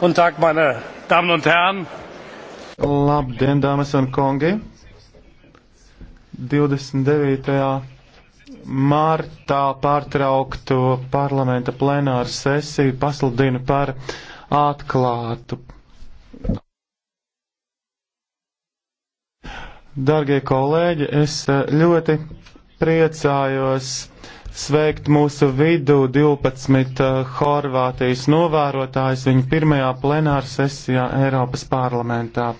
Guten Tag, meine Damen und Herren! Labdien, dāmas un kungi! 29. martā pārtraukto parlamenta plenāru sesiju pasludinu par atklātu. Dargie kolēģi, es eh, ļoti priecājos sveikt mūsu vidū 12 uh, eh, Horvātijas novērotājus viņa pirmajā plenāra sesijā Eiropas parlamentā.